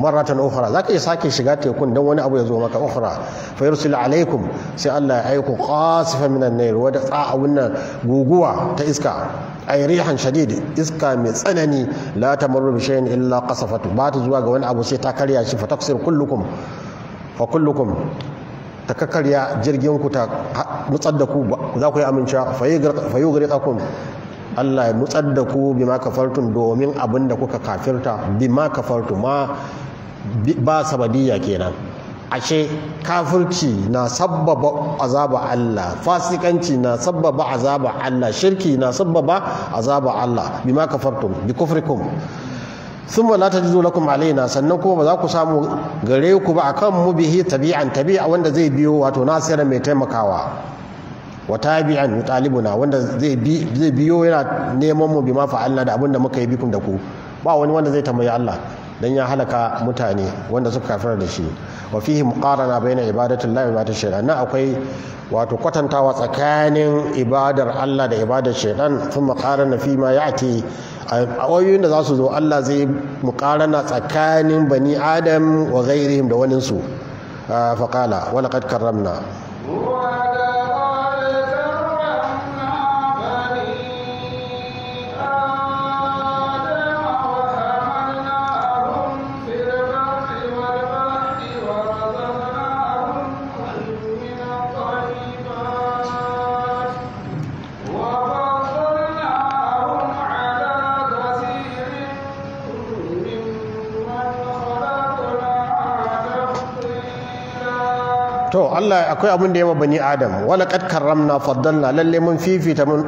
maratan ukhra zaka iya sake shiga tekun dan wani abu ya zo maka ukhra fa yursil alaikum sai Allah ya aiko qasifa minan nair wada tsa'a wannan guguwa ta iska ay rihan shadid iska mai tsanani la tamurru bi shay'in illa qasafatu ba ta zuwa ga wani abu sai ta karya shi fa taksir kullukum fa kullukum ta kakkarya jirgin ku ta nutsar da ku za ku yi amincewa fa yugriqakum Allah ya nutsar da ku bi ma kafartum domin abin da kuka kafirta ma kafartu ma ba sabadiyya kenan ashe kafirci na sabbaba azaba Allah fasikanci na sabbaba azaba Allah shirki na sabbaba azaba Allah bima kafartum bi kufrikum thumma la tajidu lakum alaina sannan kuma ba za ku samu gare ku ba akan mu bihi tabi'an tabi'a wanda zai biyo wato nasira mai taimakawa wa tabi'an yutalibuna wanda zai biyo yana neman mu bima fa'alna da abinda muka yi bikum da ku ba wani wanda zai tambayi Allah dan ya halaka mutane wanda suka kafar da shi wa fihi muqarana baina ibadatul lahi wa ibadatul shaytan na akwai wato kwatantawa tsakanin ibadar Allah da ibadar shaytan thumma qarana fi ma ya'ti wayoyin da za su zo Allah zai muqarana tsakanin bani adam wa ghairihim da waninsu ah, fa qala wa laqad karramna to Allah akwai abin da yawa bani adam wala kad karramna faddalna lalle mun fifita mun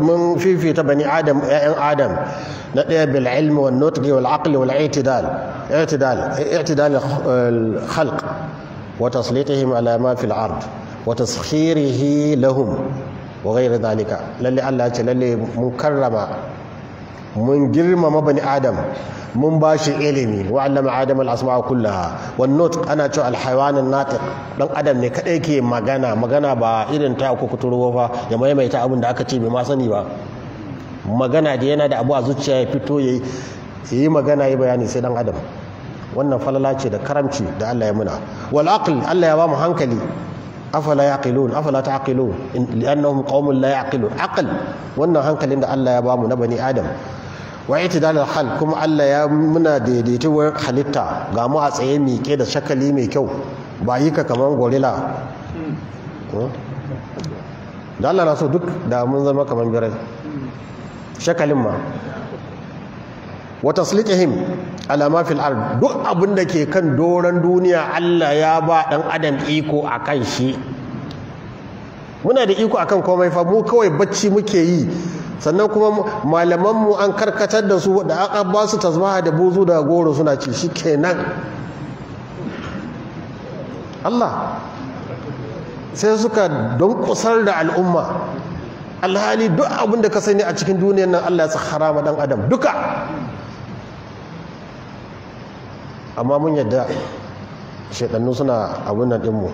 mun fifita bani adam ƴaƴan adam na daya bil ilmi wal nutqi wal aqli wal i'tidal i'tidal i'tidal al khalq wa taslitihim ala ma fil ard wa taskhirihi lahum wa ghayr dhalika lalle Allah ya ce lalle mun karrama mun girmama bani adam mun ba shi ilimi wa allama adam al-asma'a kullaha wa not ana cewa al-hayawan natiq dan adam ne kadai ke magana magana ba irin ta ko kuturo ba ya maimaita abin da aka ce bai ma sani ba magana da yana da abu a zuciya ya fito yayi yi magana yi bayani sai dan adam wannan falala ce da karamci da Allah ya muna wal aql Allah ya ba mu hankali afala yaqilun afala taqilun li'annahum qaumun la yaqilun aql wannan hankalin da Allah ya ba mu na bani adam wa itidalul hal kuma Allah ya muna daidaituwar halitta ga mu a tsaye miƙe da shakali mai kyau ba yi ka kaman gorila da Allah na so duk da mun zama kaman birai shakalin ma wa tasliqihim ala ma fil ard duk abin da ke kan doron duniya Allah ya ba dan adam iko akan shi muna da iko akan komai fa mu kawai bacci muke yi sannan kuma malamanmu an karkatar da su da aka ba su tasbaha da buzu da goro suna ci shi kenan Allah sai suka don kusar da al'umma alhali duk abin da ka sani a cikin duniyar nan Allah ya sa harama dan adam duka amma mun yadda shaidannu suna abin nan dinmu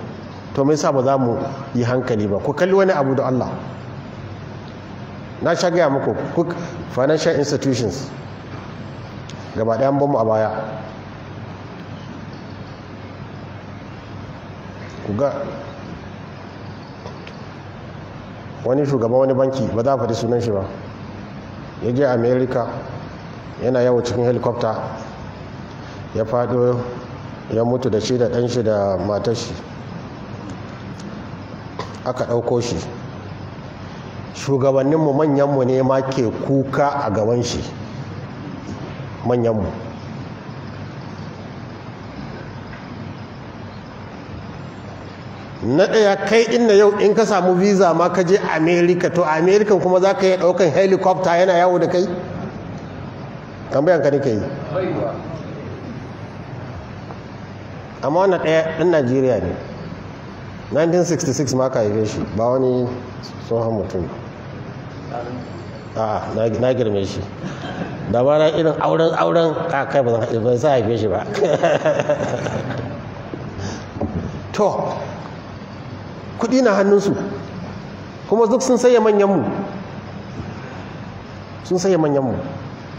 to me yasa ba za mu yi hankali ba ku kalli wani abu da Allah na sha gaya muku quick financial institutions gaba ɗaya bamu a baya ga wani shugaban wani banki ba za a faɗi sunan shi ba ya je america yana yawo cikin helicopter ya faɗo ya mutu da shi da ɗan shi da matashi aka ɗauko shi shugabanninmu manyanmu ne ma ke kuka a gaban shi manyanmu na ɗaya kai inda yau in ka samu visa ma ka je america to Amerika kuma za ka yi ɗaukan helicopter yana yawo da kai tambayanka nake yi amma wanda ɗaya ɗan najeriya ne 1966 ma ka yi shi ba wani tsohon mutum Ah, na girme shi da ma na irin auren auren a ah, kai ba zan sa haife shi ba to kuɗi na hannunsu kuma duk sun sayi manyanmu sun saye manyanmu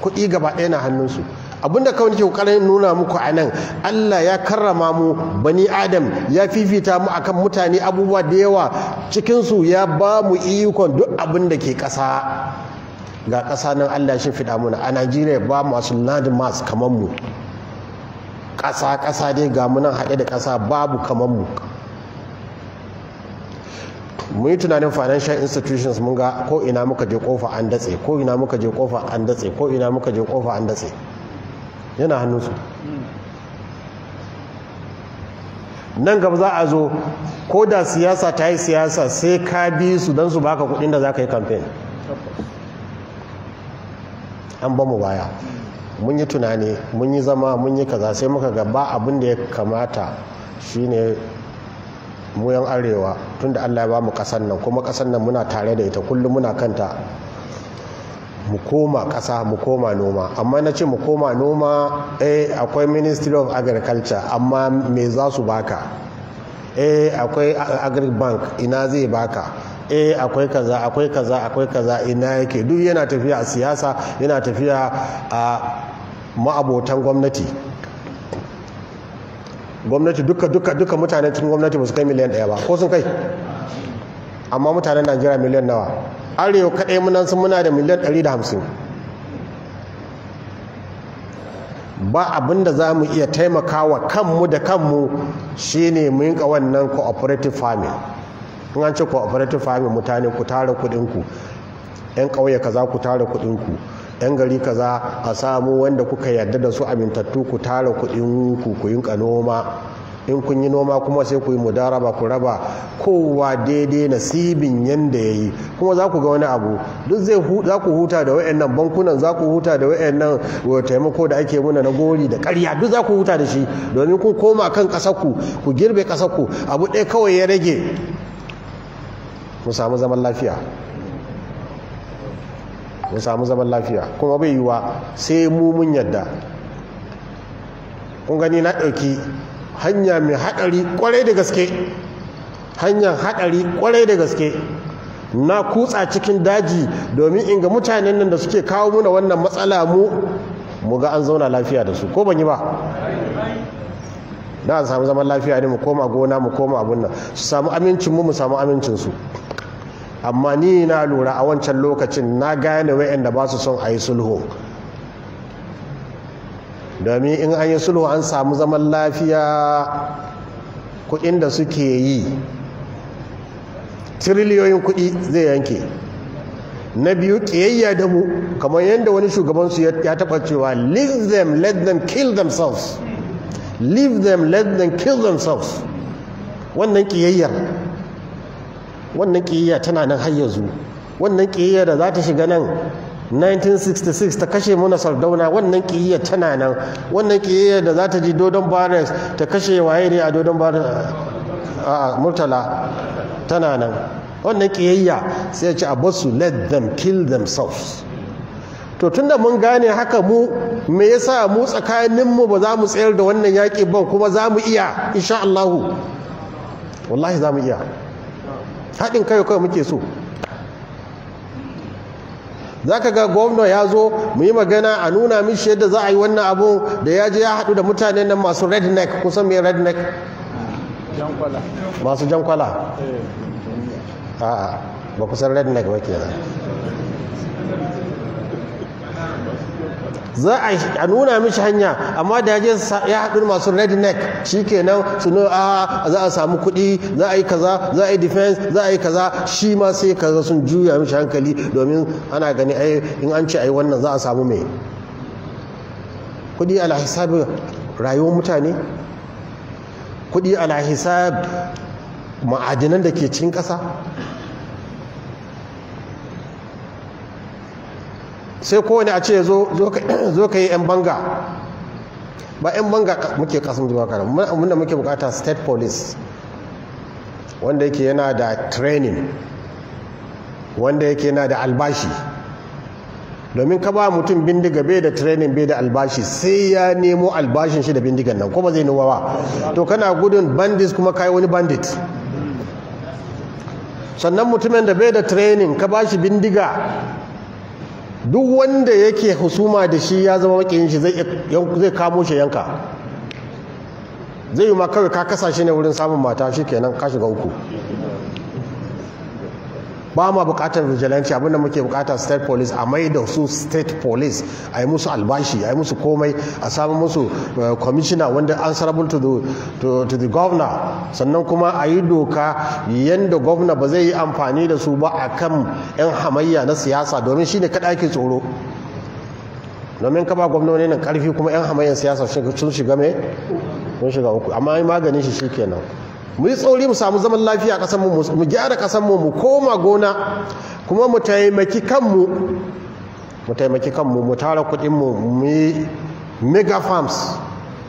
kuɗi gaba ɗaya na hannunsu abinda kawai nake kokarin nuna muku a nan Allah ya karrama mu bani adam ya fifita mu akan mutane abubuwa da yawa cikin su ya ba mu ikon duk abin da ke ƙasa ga ƙasa nan Allah shi fida muna a Najeriya ba masu landmass kamar mu ƙasa ƙasa dai ga nan haɗe da ƙasa babu kamar mu mun yi tunanin financial institutions mun ga ko ina muka je kofa an datse ko ina muka je kofa an datse ko ina muka je kofa an datse yana hannunsu nan gaba za a zo ko da siyasa ta yi siyasa sai ka bi su don su baka kudin da za ka yi kamfen an ba mu baya mun yi tunani mun yi zama mun yi kaza sai muka gaba abin da ya kamata shine ne muyan arewa tunda allah ya ba mu kasan nan kuma kasan nan muna tare da ita kullum muna kanta mu koma ƙasa mu koma noma amma na ce mu koma noma eh akwai ministry of agriculture amma me za su baka eh akwai agribank ina zai baka eh akwai kaza akwai kaza akwai kaza ina yake duk yana tafiya a siyasa yana tafiya a ma'abotan gwamnati gwamnati duka duka duka mutane cikin gwamnati ba su kai miliyan ɗaya ba ko sun kai amma mutanen najeriya miliyan nawa arewa kaɗai munan sun muna da miliyan 150 ba abinda za mu iya taimakawa kanmu da kanmu shine mu yinka wannan cooperative farming in an ce cooperative farming mutane ku tara kudinku 'yan ƙauye kaza ku tara kudinku 'yan gari kaza a samu wanda kuka yarda da su amintattu ku tara kudinku ku yinka noma in kun yi noma kuma sai ku yi mudaraba ku raba kowa daidai nasibin yanda ya yi kuma za ku ga wani abu duk zai ku huta da wa'annan bankunan za ku huta da wa'annan taimako da ake muna na gori da karya duk za ku huta da shi domin kun koma kan ƙasarku ku girbe ƙasarku abu ɗaya kawai ya rage mu samu zaman lafiya kuma bai yi wa sai mu mun yadda kun gani na ɗauki hanya mai haɗari ƙwarai da gaske hanyar haɗari kwarai da gaske na kutsa cikin daji domin inga mutanen nan da suke kawo muna wannan matsala mu mu ga an zauna lafiya da su ko ban yi ba na an samu zaman lafiya ne mu koma gona mu koma abun su samu amincin mu mu samu amincin su amma ni na lura a wancan lokacin na gane wayanda ba su son a yi sulhu domin in an yi sulhu an samu zaman lafiya kudin da suke yi tiriliyoyin kudi zai yanke na biyu ƙiyayya da mu kamar yadda wani shugabansu ya taba cewa leave them let them kill themselves leave them let them kill themselves wannan wannan ƙiyayya tana nan har yanzu wannan ƙiyayya da za ta shiga nan 1966 ta kashe muna sardauna wannan kiyiyar tana nan wannan kiyiyar da za ta ji dodon barres ta kashe waye ne a dodon barres a murtala tana nan wannan kiyayya sai ya ci a basu let them kill themselves to tunda mun gane haka mu me yasa mu tsakaninmu ba za mu tsayar da wannan yaƙi ban kuma za mu iya insha Allahu wallahi za mu iya haɗin kai kawai muke so za ka ga gwamna ya zo mu yi magana a nuna mishi yadda za a yi wannan abu da ya je ya haɗu da mutanen nan masu redneck kusan mai redneck masu jankwala eh. ba kusan redneck ba kenan za a nuna mishi hanya amma da yaje ya haɗu masu red redneck shikenan su ne a ah, za a samu kuɗi za a yi kaza za a yi defense za a yi kaza shi ma sai kaza sun juya mishi hankali domin ana gani ai in an ce a yi wannan za a samu mai kuɗi ala hisabin rayuwar mutane kuɗi ala hisab ma'adinan da ke cikin ƙasa sai kowane a ce zo ka yi 'yan banga ba 'yan banga muke kasan zuwa muna muke bukata state police wanda yake yana da training wanda yake yana da albashi domin ka ba mutum bindiga bai da training bai da albashi sai ya nemo albashin shi da bindigan nan kuma zai nuwa ba to kana gudun bandit kuma kai wani bandit sannan mutumin da bai da training ka ba shi bindiga duk wanda yake husuma da shi ya zama makiyin shi zai kamo shi yanka zai yi ma kawai ka kasashe ne wurin samun mata shi kenan ka shiga uku ba ma bukatar vigilante abinda muke bukata state police a mai da su state police a yi musu albashi a yi musu komai a samu musu eh, commissioner wanda answerable to the, to, the governor sannan kuma a yi doka yadda governor ba zai yi amfani da su ba a kan 'yan hamayya na siyasa domin shine kada ake tsoro domin ka ba gwamnoni nan karfi kuma 'yan hamayyan siyasa sun shiga mai sun shiga uku amma maganin shi shikenan mu yi tsauri mu samu zaman lafiya a ƙasanmu mu gyara kasanmu mu koma gona kuma mu taimaki kanmu mu taimaki kanmu mu tara kudinmu mu yi mega farms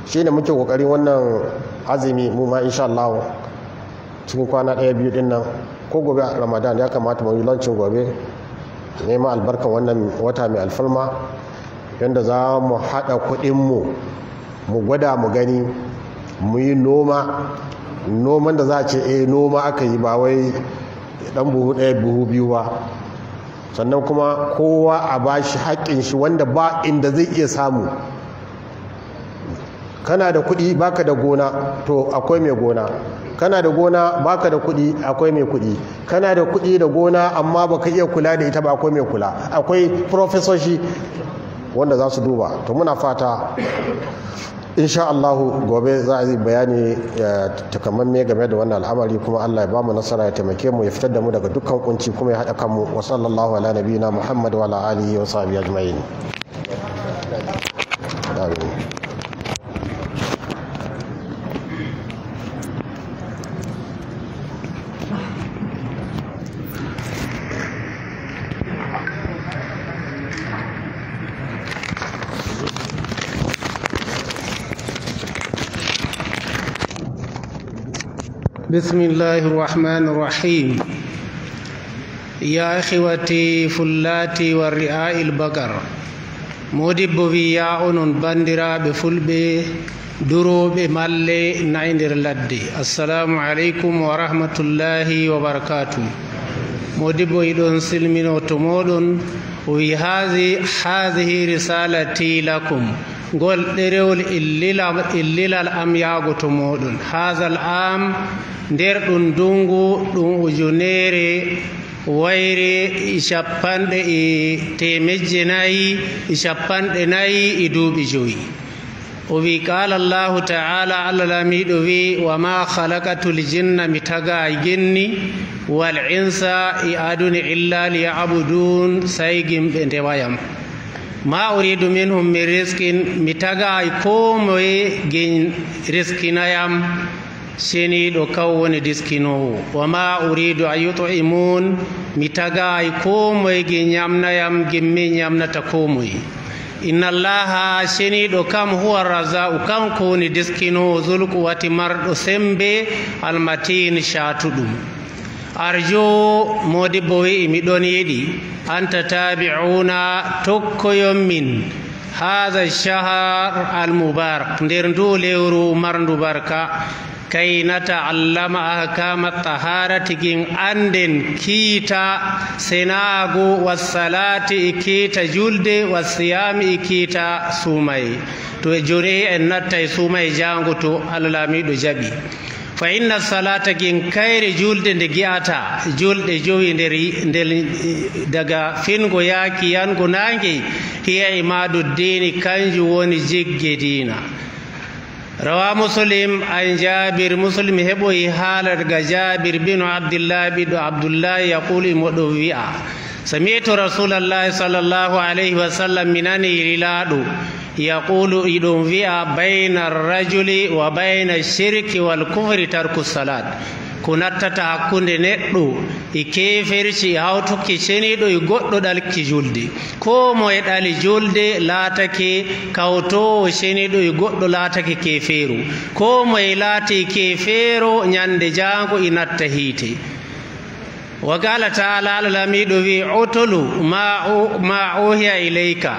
shi ne muke kokarin wannan azumi mu ma insha Allah cikin kwana ɗaya biyu din nan ko gobe a ramadan ya kamata mu yi lancin gobe nema albarkar wannan wata mai alfarma yadda za mu haɗa kudinmu mu gwada mu gani mu yi noma noman da za a ce eh noma aka yi ba wai dan buhu ɗaya buhu biyu ba sannan kuma kowa a ba shi haƙƙin shi wanda ba inda zai iya samu kana da kuɗi baka da gona to akwai mai gona kana da gona baka da kuɗi akwai mai kuɗi kana da kuɗi da gona amma baka iya kula da ita ba akwai mai kula akwai profesoshi wanda za su duba to muna fata insha allahu gobe za a yi bayani takamamme game da wannan al'amari kuma Allah ya ba mu nasara ya taimake mu ya fitar da mu daga dukkan kunci kuma ya haɗa kanmu wa sallallahu ala na Muhammad wa ala alihi wa sahbihi ajma'in. بسم الله الرحمن الرحيم يا اخواتي فلاتي والرعاء البقر مودب بيا اونن باندرا بفلبي درو بمال نايندر لدي السلام عليكم ورحمه الله وبركاته مودب يدون سلمين وتمودون وي هذه هذه رسالتي لكم قول ديرول الليل الليل الام يا هذا الام nder ɗum ndungu ɗum ujunere wayre capanɗe e temejje nayi e capanɗe nayi e duuɓi joyi o wi qala llahu taala allah lamiɗo wi wa ma halakatul jinna mi taga e genni wal insa e aduni illa liyabudun sai gimɓe ndewayam ma uridu minhum min riskin mi taga e ko moye gin riskinayam seniɗo kaw woni diskinowo wama uridu an yut'imun mi tagay ko moye gi ñamnayam gimmi ñamnata ko moye inna allaha seniɗo kam huwa razau ko woni diskinowo zulkuwati mardo sembe almatin shatuɗum arjo boyi mi don yiɗi anta tabi'una tokkoyon min هذا shahar المبارك nder ndu lewru marndu barka kai na ta'allama a kama tahara tikin andin kita sinagu wasalati ikita julde wasiyami ikita sumai to jure en natta sumai jangu to alalami da jabi fa inna salata gin kairi julde de giata julde jowi deri del daga fingo yaki yango nangi hiya imadu dini kanju woni jigge dina روى مسلم عن جابر مسلم هبوي حالة جابر بن عبد الله بن عبد الله يقول مدوية سمعت رسول الله صلى الله عليه وسلم من أني للادو يقول مدوية بين الرجل وبين الشرك والكفر ترك الصلاة ko nattata hakkunde neɗɗo e keferci e hawtuki seniɗo e goɗɗo ɗalki julde ko moye ɗali julde laatake kawtowo seniɗo e goɗɗo laatake keferu ko moye laati kefeero ñande jaango e natta hiite wa gala taala allah lamiɗo wi otolu ma ohiya ileyka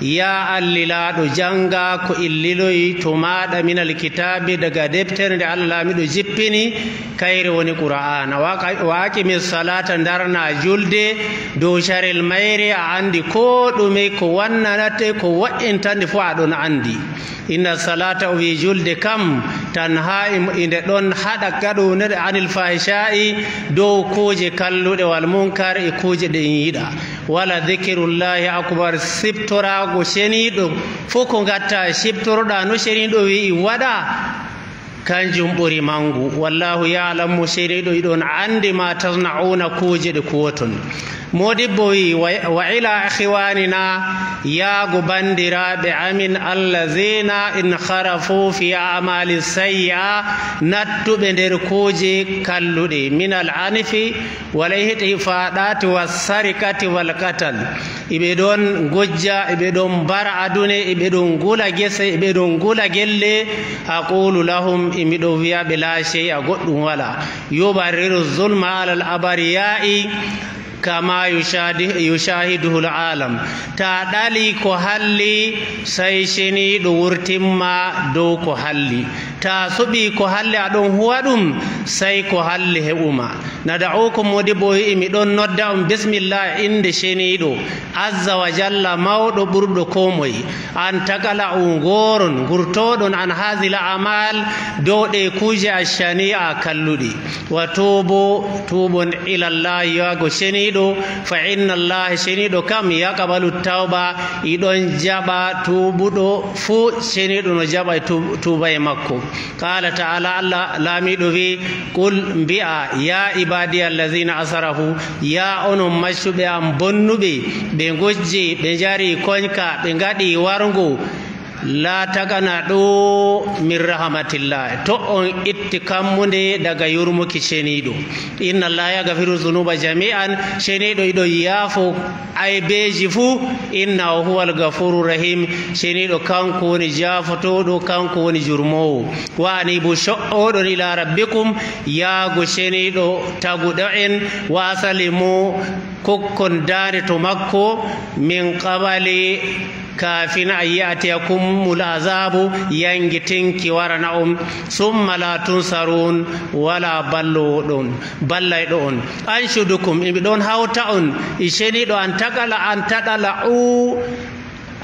ya allilaaɗo janga ko illiloy to maɗa minal kitabi daga deftere nde allah miɗo jippini kayre woni qur'ana waqimi salata darna julde dow carel mayre a andi ko ɗume ko wannanate ko wa'intande fof aɗon andi inna salata o wi julde kam tan ha e inde ɗon haɗa gaɗo neɗo anil fahisha'i dow kuuje kalluɗe wal munkar e kuuje ɗen yiɗa wala zikirullahi akbar siptorago sheni do ko gatta da no do wi waɗa kanjum buri mangu wallahu yalamu do idon ande ma tasnauna kuje ɗe kuwoton modiɓɓowi wa ila ikhwanina yaago bandiraɓe amin allahina in harafu fi amali sayyi'a nattuɓe nder kuuje kalluɗe min al anifi wala hitifaɗati wassarikati wal katal iɓe ɗon gojja iɓe ɗon bara adune iɓe ɗon gula gese iɓe ɗon gula gelle aqulu lahum imiɗo wiyaɓe la shey a goɗɗum wala yubarriru zulma alal abariyai kama yushahiduhu alam ta ɗali ko halli sai shini du wurtinma dow ko halli ta suɓi ko halli aɗon huwa ɗum sai ko halli heɓuma nada'ukum modibo imi ɗon nodda on um bisimillah inde sheniɗo azza wa jalla mawɗo burdo komoi an tagala un goron gurtoɗon an hazila amal dow ɗe kuuje a shani'a kalluɗi wa tubo tubon ilallahi yago sheniɗo fa inna allahi sheniɗo kam idon tawba iɗon jaɓa tubuɗo fuu sheniɗo no jaba tuba makko qala taala allah laamiɗo wi ya iba ibadi allazina asarahu ya ono mashuɓe am bonnuɓe ɓe gojji ɓe jari wargo laatagana ɗo min rahamatillahi to on itti kammude daga yurmuki ceniiɗo inna allah yagafiru zunuba jami'an ceniiɗo iɗo yaafo aybeji fuu inna huwal gafuru rahim ceniiɗo kanko woni jaafotoɗo kanko woni jurmowo wani bo coɗɗoɗon ila rabbikum yaago ceniiɗo taguɗo en wasali mo kokkon daare to makko min qaɓale kafin a yatiyakumul azabu yangitin kiwara na'um summa la tunsarun wala ballo ɗon ballay ɗo on anshudukum imɓe ɗon hawta on isheni don an tagala an taɗala u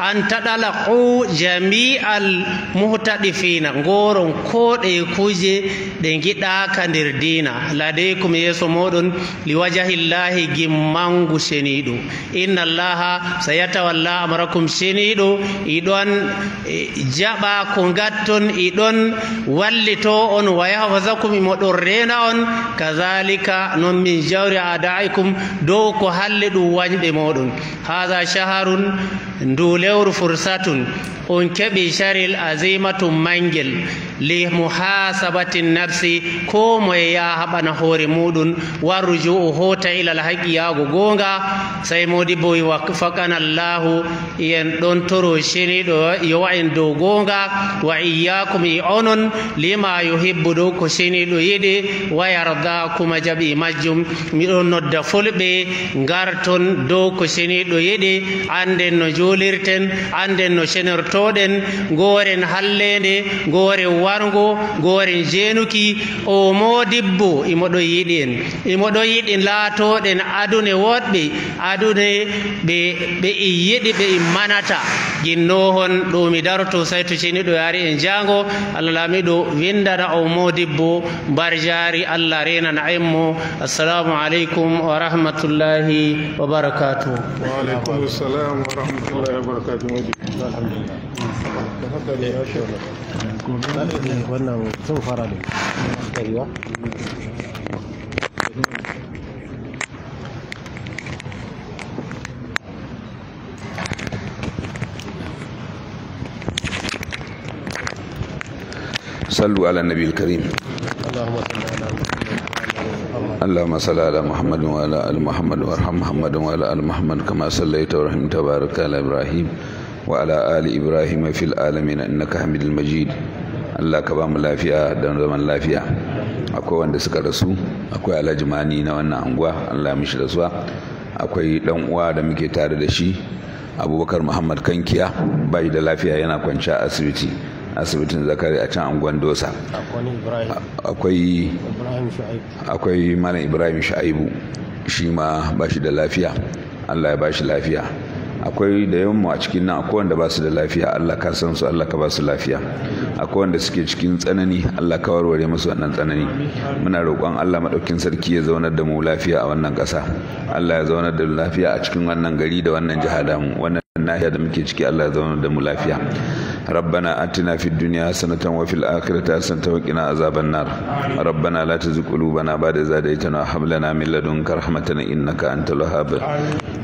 an taɗalaƙo jami'al muhtaɗifina goron ko ɗe kuje ɗe giɗa ka nder dina ladaykum yeeso moɗon liwajahillahi gimmangu seniɗo inna allaha sayatawalla amrakum shenido iɗon e, jaba ko gatton idon wallito on wa yahfazakum imoɗon rena on kazalika non min jawri adaikum do ko halle ɗum wañɓe moɗon haza shaharun ndulewr fursatun on keɓi sharil azimatum mangel li muhasabati nafsi ko moye ya haɓana hoore muɗum wa ruju'u hota ilal haqqi ya goonga sey modi boy wa fakana yen ɗon toro shiniɗo yo wa en dow wa iyakum e onon lima yuhibbu do ko do yiɗi wa yarda kuma jaɓi majjum miɗon nodda fulɓe ngarton dow ko do yiɗi anden no jo. jolirten anden no senortoɗen goren hallende goren wargo goren jeenuki o modibbo imoɗo e yiɗi en imoɗo e yiɗi laatoɗen adune woɗɓe adune ɓe ɓe i e yiɗi ɓe i manata ginnohon ɗo mi daroto saytu ceniɗo yaari en jaango allah laamiɗo windana o modibbo mbar jaari allah renana en mo assalamu aleykum wa rahmatullahi wa barakatuhu الله وبركاته الحمد لله تفضل يا شيخ سوف ارى ايوه صلوا على النبي الكريم اللهم صل على محمد اللهم Muhammadu على محمد Muhammadu ال محمد وارحم محمد وعلى ال محمد كما صليت ala Ibrahim wa ala Ali Ibrahim ابراهيم في العالمين انك حميد majid. Allah ka ba mu lafiya da zaman lafiya akwai wanda suka rasu akwai alhaji na wannan anguwa Allah mishi rasuwa akwai dan uwa da muke tare da shi abubakar muhammad kankiya bai da lafiya yana kwanciya asibiti asibitin zakari a can angon dosa akwai malam ibrahim sha'ibu shi ma ba shi da lafiya allah ya ba shi lafiya akwai da mu a cikin nan akwai wanda ba su da lafiya Allah ka san su Allah ka ba su lafiya akwai wanda suke cikin tsanani Allah ka warware musu wannan tsanani muna roƙon Allah maɗaukin sarki ya zaunar da mu lafiya a wannan ƙasa Allah ya zaunar da lafiya a cikin wannan gari da wannan jiha da mu wannan nahiya da muke ciki Allah ya zauna da mu lafiya rabbana atina fid dunya sanatan wa fil akhirati hasanatan wa qina azaban nar rabbana la tuzigh qulubana ba'da idh hadaytana wa hab lana min ladunka rahmatan innaka antal wahhab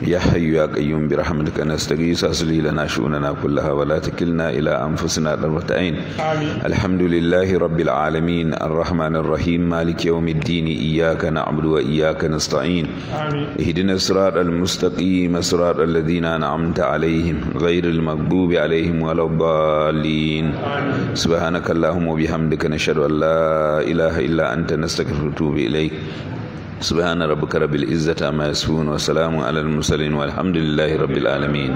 ya hayyu ya qayyum bi rahmatika nastaghis aslih lana shu'unana kullaha wa la takilna ila anfusina darrata ain alhamdulillahi rabbil alamin arrahmanir rahim malik yawmiddin iyyaka na'budu wa iyyaka nasta'in ihdina na siratal mustaqim as-siratal ladzina an'amta عليهم غير المغضوب عليهم ولا الضالين سبحانك اللهم وبحمدك نشهد أن لا إله إلا أنت نستغفرك ونتوب إليك سبحان ربك رب العزة عما يصفون وسلام على المرسلين والحمد لله رب العالمين